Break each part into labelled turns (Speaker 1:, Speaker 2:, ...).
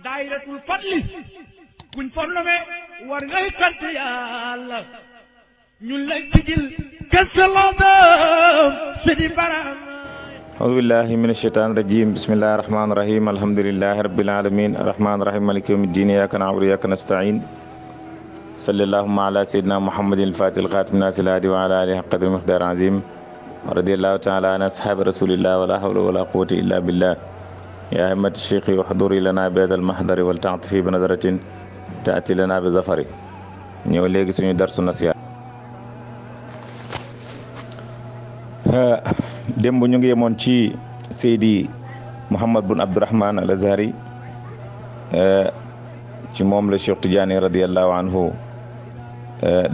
Speaker 1: daayiratul fadli buñ fornome war ngay sant yàlla ñun la jigil kësalaadam sidi baram auzu billahi min asheytan rajim bismillahi rahmani rahim alhamdulilahi rabbil alamin rahmani rahim maliki yawmi ddin iyyaka na'budu wa iyyaka nasta'in salli allahumma ala sayyidina muhammadin al-fatih al-khatim nasil hadi wa ala alihi haqqa qadri miqdar azim radiyallahu ta'ala an ashabi rasulillah wala hawla wala quwwata illa billah yaa يا أئمة الشيخ واحضري لنا بهذا المحضر ولتعط في بنظرة تأتي لنا بظفر ñëw léegi suñu darsu nasiha démb ñu ngi ci Seydi Mouhamad bun Abdourahman al Azhari ci moom la Cheikh Tidiane radiallahu anhu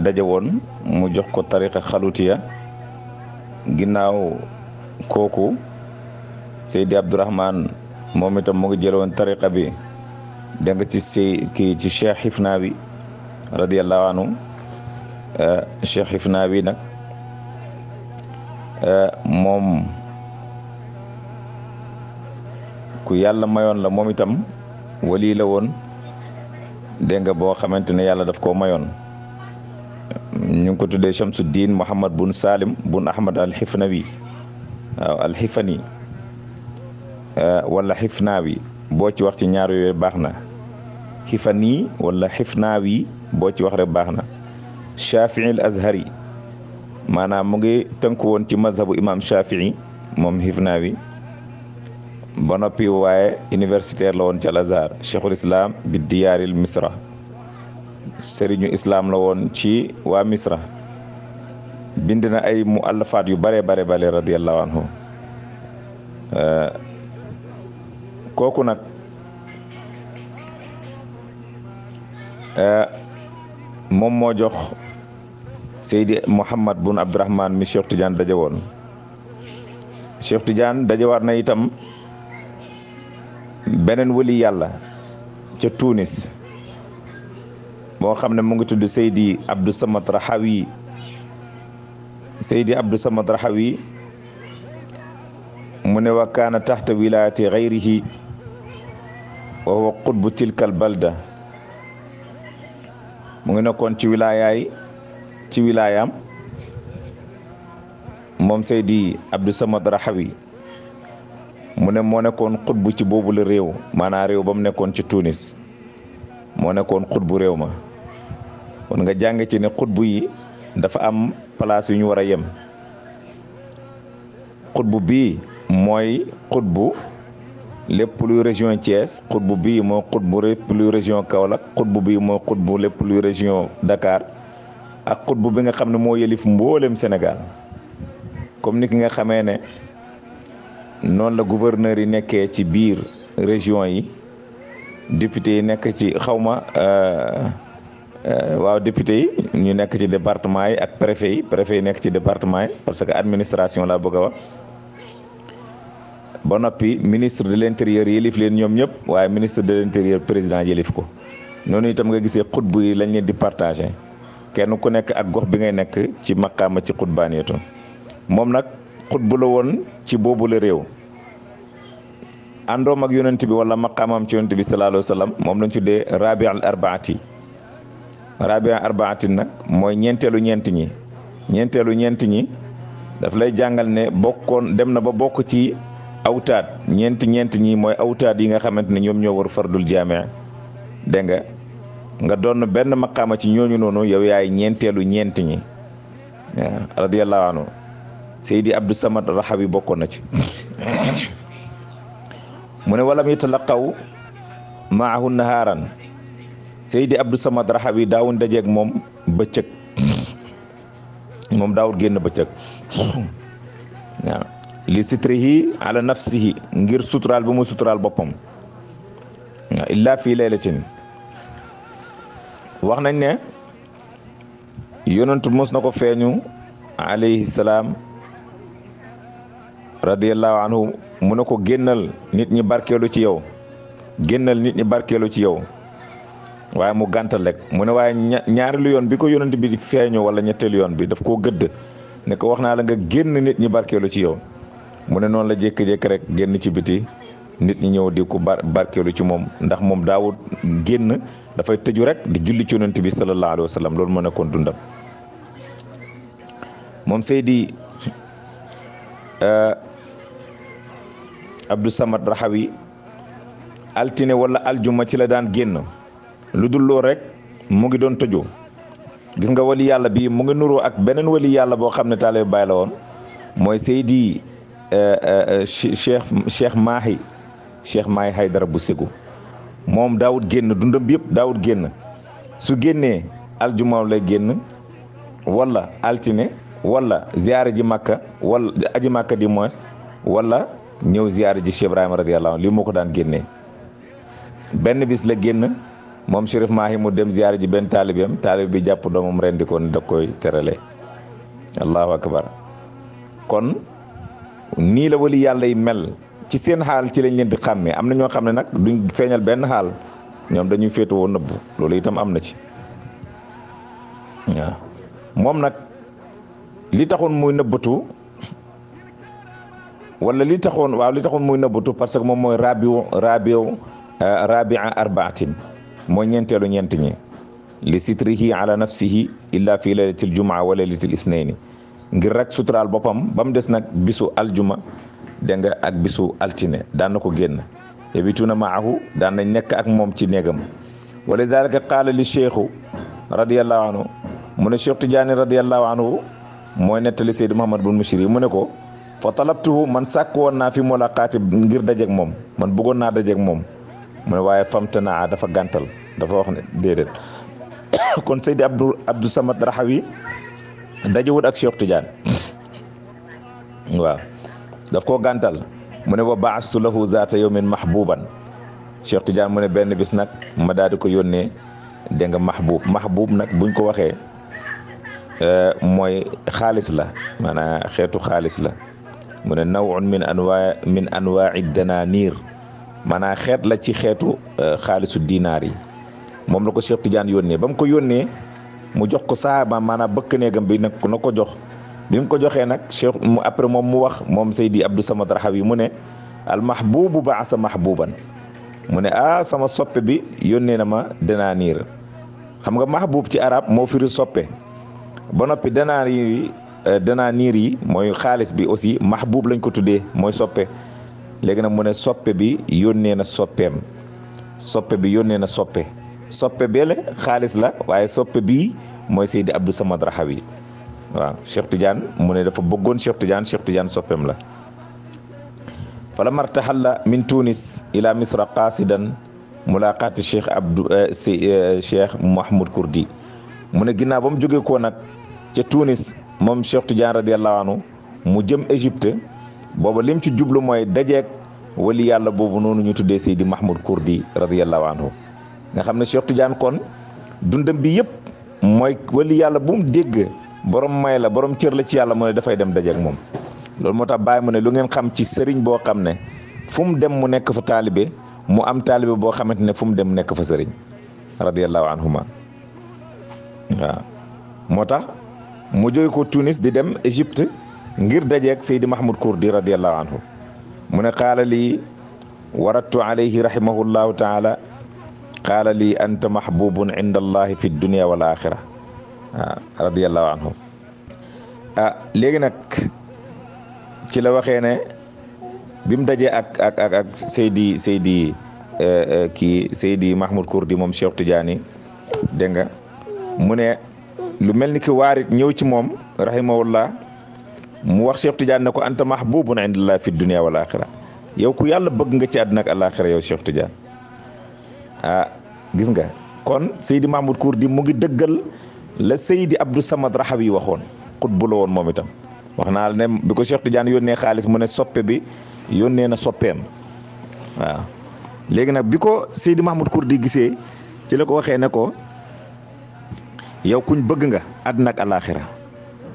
Speaker 1: daje woon mu jox ko tariqa xalutiya ginnaaw kooku Seydi Abdourahman moom itam mu ngi jëloon tariqa bi dégg ci si kii ci cheikh xifnaa bi radiallahu anhu eh, cheikh xifnaa nag eh, moom ku yàlla mayoon la moom itam wali la woon dégg nga boo xamante ne yàlla def koo mayoon ñu ngi ko tuddee Shamsuddin Muhammad bun Salim bun Ahmad al Xifnawi al Xifani Eh, wala xifnaaw yi boo ci wax ci ñaar yooyu baax na xifan yi wala xifnaaw yi boo ci wax rek baax na shafiil azhari maanaam mu ngi tënku woon ci mazhabu imam shafii moom xifnaaw yi ba noppi waaye universitaire la woon ci al azhar cheikhul islam bi diyaaril misra sëriñu islam la woon ci waa misra bindi na ay muallafaat yu bare bare bare radiallahu anhu eh, kooku nag eh, moom moo jox Seydi Mouhamad bun Abdourahman mi Cheikh Tidiane daje woon Cheikh Tidiane dajewaat na itam beneen wëli yàlla ca Tunis moo xam ne mu ngi tudd Seydi Abdou Samad Rahawi Seydi Abdou Samad Rahawi mu ne wa kaana taxta wilaayati xayrihi wa huwa qutbu tilkal balda mu ngi nekkoon ci wilaayaay ci wilaayaam moom Seydi Abdou Samad Raxawi mu ne moo nekkoon xutbu ci boobu la réew maanaam réew ba mu nekkoon ci Tunis moo nekkoon xutbu réew ma kon nga jàng ci ne xutbu yi dafa am place yu ñu war a yem xutbu bii mooy xutbu lépp luy région Thiès xutbu bii moo xutbu lépp luy région Kaolack xutbu bii moo xutbu lépp luy région dakaar ak xutbu bi nga xam ne moo yëlif mboolem Sénégal comme ni ki nga xamee ne noonu la gouverneur yi nekkee ci biir région yi député yi nekk ci xawma euh, euh, waaw député yi ñu nekk ci département yi ak préfet yi préfet yi nekk ci département yi parce que administration la bëgg a wax ba noppi ministre de l' intérieur yëlif leen ñoom ñëpp waaye ministre de l' intérieur président yëlif ko noonu itam nga gisee xutbu yi lañ leen di partagé kenn ku nekk ak gox bi ngay nekk ci maqaama ci xutbaaniyatu moom nag xutbu la woon ci boobu la réew àndoom ak yonent bi wala maqaamam ci yonent bi salaalaahu salaam moom lañ tuddee rabi al arbaati rabi arbaati nag mooy ñeenteelu ñeent ñi ñeenteelu ñeent ñi daf lay jàngal ne bokkoon dem na ba bokk ci awtaat ñeenti ñeenti ñi mooy awtaat yi nga xamante ne ñoom ñoo war fardul jaamee dégg nga nga doon benn maqaama ci ñooñu noonu yow yaay ñeenteelu ñeenti ñi waaw radiyallahu Seydi Abdou Samad Raxawi bokkoon na ci mu ne walam yatalaqaw maahu nahaaran Seydi Abdou Samad Raxawi daawun jeg moom bëccëg moom daawul génn bëccëg waaw li sitrihi ala nafsihi ngir suturaal bu mu suturaal boppam illa fii laylatin wax nañ ne yonantu mos na ko feeñu alayhi salaam radiyallahu anhu mu ne ko génnal nit ñi barkeelu ci yow génnal nit ñi barkeelu ci yow waaye mu gàntal lekk mu ne waaye ñaareelu yoon bi ko yonent bi feeñu wala ñetteelu yoon bi daf koo gëdd ne ko wax naa la nga génn nit ñi barkeelu ci yow mu ne noonu la jékki-jékki rek génn ci biti nit ñi ñëw di ko bar barkeelu ci moom ndax moom daawut génn dafay tëju rek di julli ci yonent bi sallallahu alayhi wa sallam loolu moo nekkoon dundam moom Seydi euh, Abdou Samad Raxawi altine wala aljuma ci la daan génn lu dul lool rek mu ngi doon tëju gis nga wali yàlla bi mu ngi nuroo ak beneen wali yàlla boo xam ne taalibe Baay la woon mooy Seydi Euh, euh, cheikh cheikh maahi cheikh maahi haydara bu segu moom daawut génn dundam bi yëpp daawut génn su génnee aljumaaw lay génn wala altine wala ziyaara ji màkka wala aji màkka di moins wala ñëw ziyaara ji cheikh ibrahima radiyallahu anhu lii moo ko daan génnee benn bis la génn moom Chérif Mahi mu dem ziyaara ji benn taalibeem bi jàpp doomam rendi ko allahu akbar kon nii la wali yàlla yi mel ci seen xaal ci lañ leen di xàmmee am na ñoo xam ne nag duñ feeñal benn xaal ñoom dañuy féetewoo nëbbu loolu itam am na ci waaw moom nag li taxoon muy nëbbatu wala li taxoon waaw li taxoon muy nëbbatu parce que moom mooy rabiu rabiu euh, rabia arbaatin mooy ñeenteelu ñeent ñi li sitrihi ala nafsihi illa fi laylatil jumaa wa laylatil isnayni ngir rek suturaal boppam ba des nag bisu aljuma dégg nga ak bisu altine daan na ko génn yabituuna maahu daan nañ nekk ak moom ci néegam wala dalika qaala li cheikhu radiallahu anhu mu ne cheikh tidiane radiallahu anhu mooy nettali seydi muhammad bun mushir yi ne ko fa talabtuhu man sàkk woon naa fi mulaqaati ngir dajeeg moom man bëggoon naa dajeeg moom mu ne waaye famtanaa dafa gantal dafa wax ne déedéet kon seydi abdu samad raxawi ndaje dajewut ak Cheikh Tidiane waaw daf ko gàntal mu ne wa baastu lahu zaata yawmin mahbuban Cheikh Tidiane mu ne benn bis nag ma daal di ko yónnee dégg nga mahbub mahbub nag buñ ko waxee euh, moy xaalis la maanaam xeetu xaalis la mu ne nawun min anwaa min anwaai dananiir maanaam xeet la ci xeetu euh, xaalisu dinaar yi moom la ko Cheikh Tidiane yónnee ba mu ko yónnee mu jox ko saaba maanaam bëkk néegam bi nag na ko jox bi ko joxee nag cheikh mu après moom mu wax moom Seydi Abdou Samad Raxawi mu ne al mahbubu baasa mahbuban mu ne ah sama soppe bi yónnee na ma danaaniir xam nga mahbub ci arab moo firi soppe ba noppi danaaniir yi eh, danaaniir yi mooy xaalis bi aussi mahbub lañ ko tuddee mooy soppe léegi nag mu ne soppe bi yónnee na soppeem soppe bi yónnee na soppe soppe bele xaalis la waaye soppe bi mooy Seydi Abdou Samad Raxawi waaw Cheikh Tidiane mu ne dafa bëggoon Cheikh Tidiane Cheikh Tidiane soppeem la falamma irtahalla min Tunis ila Misra qasidan mulaqati Cheikh Abdou eh, eh, Cheikh Mahmoud Kurdi mu ne ginnaaw ba mu jóge ko nag ca Tunis moom Cheikh Tidiane radiyallahu anhu mu jëm Égypte booba lim ci jublu mooy dajeek wali yàlla boobu noonu ñu tuddee Seydi Mahmoud Kurdi radiyallahu anhu nga xam ne Cheikh Tidiane kon dundam bi yëpp mooy wali yàlla bu mu dégg borom may la borom cër la ci yàlla mu ne dafay dem dajeek moom loolu moo tax bàyyi mu ne lu ngeen xam ci sëriñ boo xam ne fu mu dem mu nekk fa taalibe mu am taalibe boo xamante ne fu mu dem nekk fa sëriñ radiyallahu anhuma waaw moo tax mu jóge ko Tunis di dem Égypte ngir dajeek Seydi Mahmoud Kourdi radiyallahu anhu mu ne qaala lii warattu alayhi rahimahullahu taala qaala lii anta mahbubun inda allahi fi dunia wal axira waaw radiallahu anhu ah, léegi nag ci la waxee ne bi mu dajee ak ak ak Seydi Seydi eh, eh, kii Seydi Mahmoud Kurdi moom Cheikh Tidiane dégg nga mu ne lu mel ni ki waarit ñëw ci moom rahimahullah mu wax Cheikh Tidiane ne ko anta mahbubun indallah fi dunia wal axira yow ku yàlla bëgg nga ci àdduna ak alaxira yow Cheikh Ah, gis nga kon Seydi kuur di mu ngi dëggal la Seydi Abdou Samad Rahawi waxoon xutbu la woon moom itam wax naa la bi ko Cheikh Tidiane yónnee xaalis mu ne soppe bi yónnee na soppeem léegi nag bi ko Seydi Mahmoud di gisee ci la ko waxee ne ko yow kuñ bëgg nga àddina ak alaaxira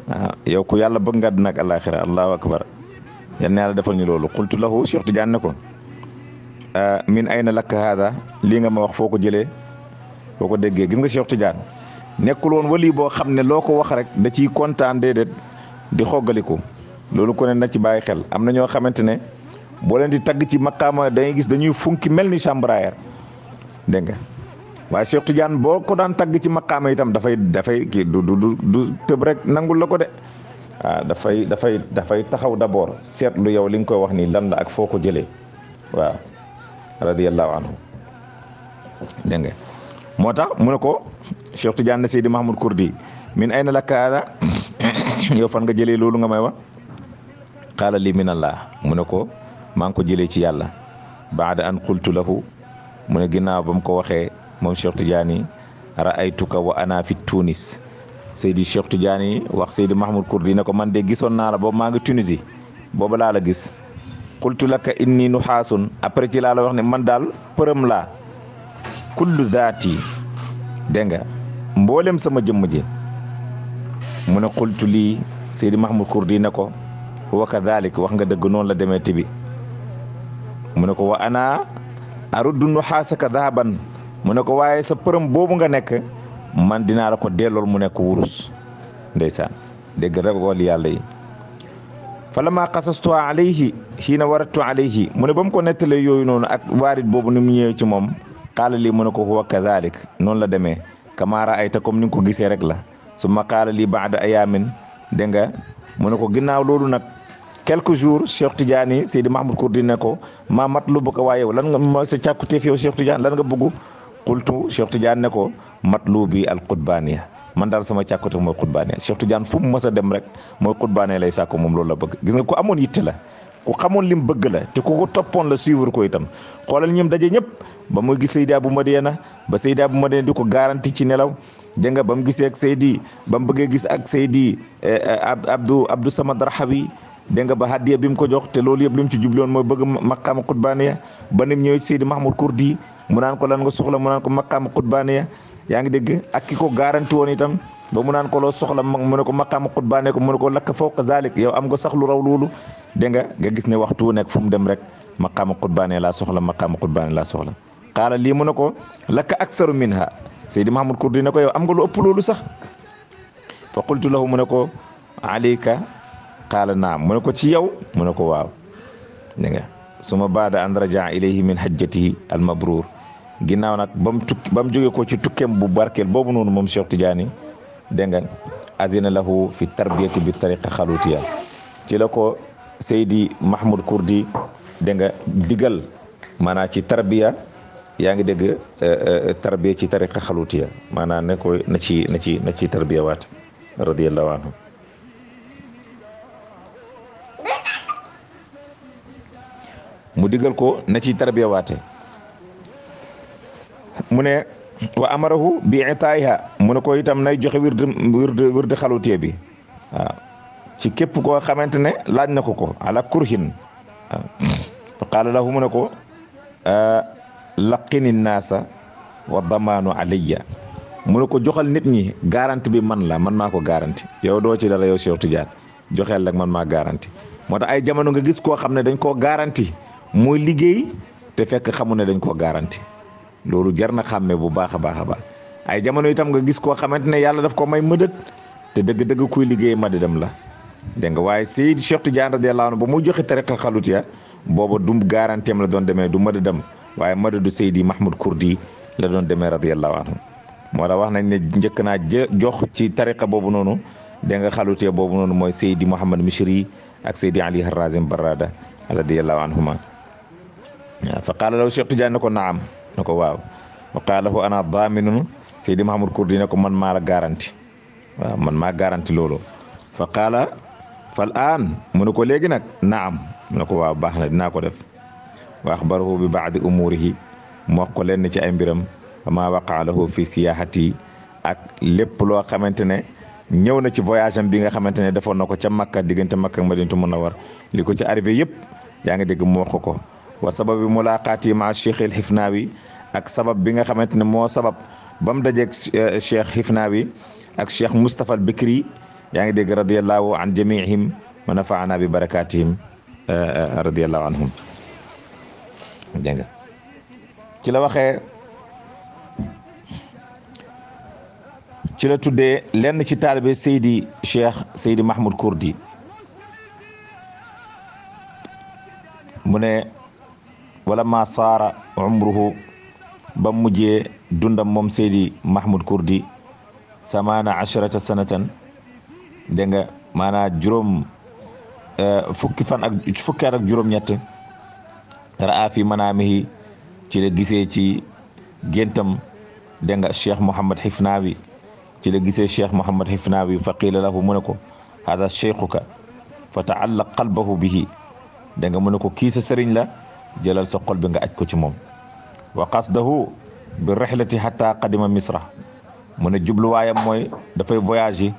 Speaker 1: waaw ah, yow ku yàlla bëgg nga àddina ak alaaxira allahu akbar yan yàlla defal ñu loolu xultu lahu Cheikh Tidiane ne ko Ah, miin ay na lakk haada lii nga ma wax foo ko jëlee foo ko déggee gis nga Cheikh Tidiane nekkul woon wali boo xam ne loo ko wax rek da ciy kontaan déedéet di xoggaliku loolu ko ne na ci bàyyi xel am na ñoo xamante ne boo leen di tagg ci maqaama day gis dañuy funki mel ni chambraire dégg nga waaye Cheikh Tidiane boo ko daan tagg ci maqaama itam dafay dafay kii du du du tëb rek nangul la ko de waaw ah, dafay dafay dafay taxaw d'abord seetlu yow li nga koy wax nii lan la ak foo ko jëlee waaw radiyallahu anhu dégg nga moo tax mu ne ko Cheikh Tidiane Seydi Mahmoud Kurdi ay na la hada yow fan nga jëlee loolu nga may wax qaala li min allah mu ne ko maa ngi ko jëlee ci yàlla baada an qultu lahu mu ne ginnaaw ba mu ko waxee moom Cheikh ay ra'aytuka wa ana fi Tunis Seydi Cheikh Tidiane wax Seydi Mahmoud Kurdi ne ko man de gisoon naa la boobu maa ngi Tunisie boobu laa la gis. qultu laka inni nuxaasun après ci laa la wax ne man daal përëm laa kullu zaati dégg nga mboolem sama jëmm ji mu ne qultu lii Seydi Mahmoud Kurdi ne ko wa kadalik wax nga dëgg noonu la demee tibi mu ne ko wa ana aruddu nuxaasaka dahaban mu ne ko waaye sa përëm boobu nga nekk man dinaa la ko dellool mu nekk wurus ndeysaan dégg rek wal yàlla yi fa lama xasastu alayhi xiina waratu alayhi mu ne ba mu ko nettalee yooyu noonu ak waarit boobu ni mu ñëwee ci moom xaala lii mu ne ko huwa kadalik noonu la demee kama raayta comme ni nga ko gisee rek la su ma xaala lii a ayaamin dégg nga mu ne ko ginnaaw loolu nag quelque jour Cheikh Tidiane Seydi Mahmoud Kurdi ne ko maa mat lu bëgg waaye lan nga ma sa càkkuteef yow Cheikh Tidiane lan nga bëgg qultu Cheikh Tidiane ne ko matlubi al qutbaniya man daal sama càkkute mooy xutbaane Cheikh Tidiane fu mu mës a dem rek mooy xutbaane lay sàkko moom loolu la bëgg gis nga ku amoon yitte la ku xamoon lim bëgg la te ku ko toppoon la suivre ko tam xoolal ñoom daje ñëpp ba muy gis Seydi Abou na ba Seydi Abou Madiana di ko garanti ci nelaw dégg nga ba mu gisee ak Seydi ba mu bëggee gis ak Seydi eh, eh, Abdou Abdou Samad Rahabi dégg nga ba hadiya bi mu ko jox te loolu yëpp li mu ci jubloon mooy bëgg maqaama xutbaaniya ba nim ñëwee ci Seydi Mahmoud Kurdi mu naan ko lan nga soxla mu naan ko maqaama xutbaaniya yaa ngi dégg ak ko garanti woon itam ba mu naan ko loo soxla mu ne ko maqaama xutbaane ko mu ne ko lakk fawqa zalik yow am nga sax lu raw loolu dégg nga nga gis ne waxtu nekk fu mu dem rek maqaama xutbaane laa soxla maqaama xutbaane laa soxla xaala lii mu ne ko lakk aksaru minha Seydi Mahamad Kurdi ne ko yow am nga lu ëpp loolu sax fa qultu lahu mu ne ko alayka qaala naam mu ne ko ci yow mu ne ko waaw dégg nga suma baada an rajaa ilayhi min hajjatihi al mabruur ginnaaw nag ba mu tukki ba mu jóge ko ci tukkeem bu barkeel boobu noonu moom Cheikh Tidiane dégg nga azina lahu fi tarbiyati bi tariqa xalutiya ci la ko Seydi Mahmoud Kurdi dégg digal maanaam ci tarbiya yaa ngi dégg eh, eh, tarbiya ci tariqa xalutiya maanaam ne ko na ci na ci na ci tarbiya waat radiyallahu mu digal ko na ci tarbiya waate mu ne wa amarahu bi itaayiha mu ne ko itam nay joxe wird wird wird xalutee bi ci képp koo xamante ne laaj na ko ko ala kurhin waaw fa qaala lahu mu ne ko laqini naasa wa damaanu alayya mu ne ko joxal nit ñi garanti bi man la man maa ko garanti yow doo ci dara yow Cheikh Tidiane joxeel rek man maa garanti moo tax ay jamono nga gis koo xam ne dañ koo garanti muy liggéey te fekk xamu ne dañ koo garanti loolu jar na xàmme bu baax a baax a baax ay jamono tam nga gis koo xamante ne yàlla def koo may mëdët te dëgg-dëgg kuy liggéey madadam la dégg nga waaye Seydi Cheikh Tidiane radiyallahu anhu ba mu joxe tariqa xalutiya boobu du garanteem la doon demee du madadam waaye madadu Seydi Mahmoud Kurdi la doon demee radiyallahu anhu moo la wax nañ ne njëkk naa jox ci tariqa boobu noonu dégg nga xalutiya boobu noonu mooy Seydi Mouhamad Mishri ak Seydi Ali Harazim Barada radiyallahu anhuma fa qaala ko naam ne ko waaw wa qaala lahu ana daaminun Seydi Mahamoud Kurdi ne ko man maa la garanti waaw man maa garanti loolu fa qaala fa aan mu ne ko léegi nag naam mu ne ko waaw baax na dinaa ko def wa axbarahu bi baadi umuurihi mu wax ko lenn ci ay mbiram ma waqaa lahu fi siyaahati ak lépp loo xamante ne ñëw na ci voyage am bi nga xamante ne defoon na ko ca Makka diggante Makka ak a war li ko ci arrivé yëpp yaa ngi dégg mu wax ko wa sababi mulaqaati ma cheikh al xifnaawi ak sabab bi nga xamante ne moo sabab ba mu dajeeg eh, cheikh xifnaawi ak cheikh Moustapha al Bikri yaa ngi dégg radiallahu an jamiihim wa nafaana bi barakatihim eh, eh, radiallahu anhum dégg nga ci la waxee ci la tuddee lenn ci taalibe Seydi Cheikh Seydi Mahmoud Kurdi mu ne wala ma saara umruhu ba mujjee dundam moom seydi mahmoud kurdi samaana asharata sanatan dégg nga maanaa juróom eh, fukki fan ak fukki at ak juróom ñett raa fi manaamihi ci la gisee ci géntam dégg nga cheikh mouhamad xifnaawi ci la gise cheikh mouhamad xifnaawi fa qiila lahu mu ne ko hada cheikhuka fa taallaq qalbahu bihi dégg nga mu ne ko kii sa la jëlal sa xol bi nga aj ko ci moom wa qasdahu bi rihlati hatta qadima misra mu ne jubluwaayam mooy dafay voyage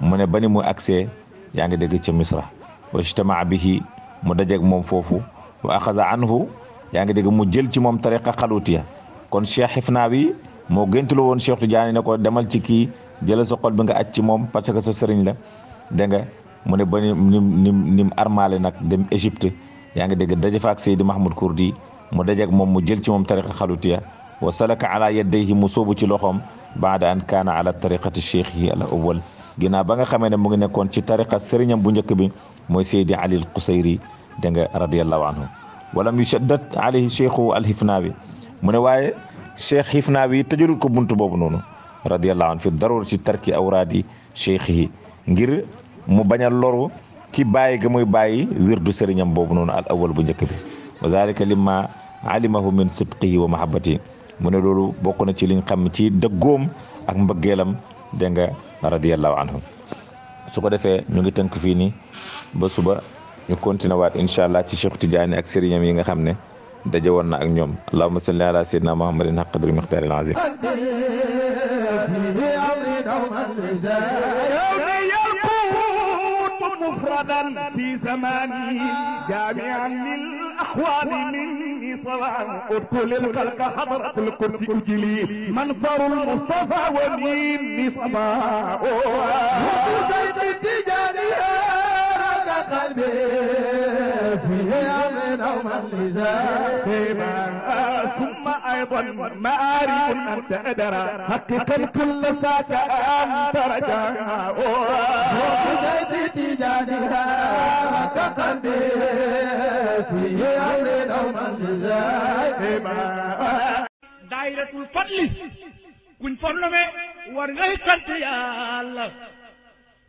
Speaker 1: mu ne ba ni mu agsee yaa ngi dégg ci misra wa bi bihi mu dajeeg moom foofu wa axaza anhu yaa ngi dégg mu jël ci moom tariqa xaluutiya kon cheikh xifnaawi moo géntulu woon cheikh Tidiane ne ko demal ci kii jëlal sa xol bi nga aj ci moom parce que sa sëriñ la dégg nga mu ne ba ni nim nim armaale nag dem Égypte yaa ngi dégg daje fa ak Seydi Mahmoud Kurdi mu dajeeg moom mu jël ci moom tariqa xalutiya wa salaka ala yaddayhi mu sóobu ci loxom baada an kaana ala tariqati cheikhihi al awwal ginnaaw ba nga xamee ne mu ngi nekkoon ci tariqa sëriñam bu njëkk bi mooy Seydi Ali al Qusayri da nga radiallahu anhu walam yushaddat alayhi cheikhu al hifnaawi mu ne waaye cheikh hifnaawi tëjalul ko buntu boobu noonu radiallahu anhu fi darur ci tarki awraadi cheikhihi ngir mu bañ a loru ci bàyyi ga muy bàyyi wirdu sëriñam boobu noonu al awal bu njëkk bi wa zalika limma alimahu min sidqihi wa mahabbati mu ne loolu bokk na ci liñ xam ci dëggoom ak mbëggeelam dégg nga radiyallahu anhu su ko defee ñu ngi tënk fii ni ba suba ñu continué waat incha allah ci Cheikh Tidiane ak sëriñam yi nga xam ne daje woon na ak ñoom allahumma salli ala sayyidina muhammadin haqq qadri miqdaril azim أبدا في زماني جامعا للأحوال مني صلاة أدخل الخلق حضرة الكرسي أجلي منظر المصطفى ومني صباح وقصيد التجارية هذا قلبي فيه من أوم اللزام فيما أسمع أيضا مآرب أنت أدرى حققا كل ساك أنت رجاء وقضيت تجانها حققا به في أمر أو منزل dayratul fadli kuñ fornome war ngay sant yàlla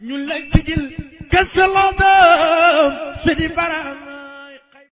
Speaker 1: ñun lay sigil gëstaloodam si di baram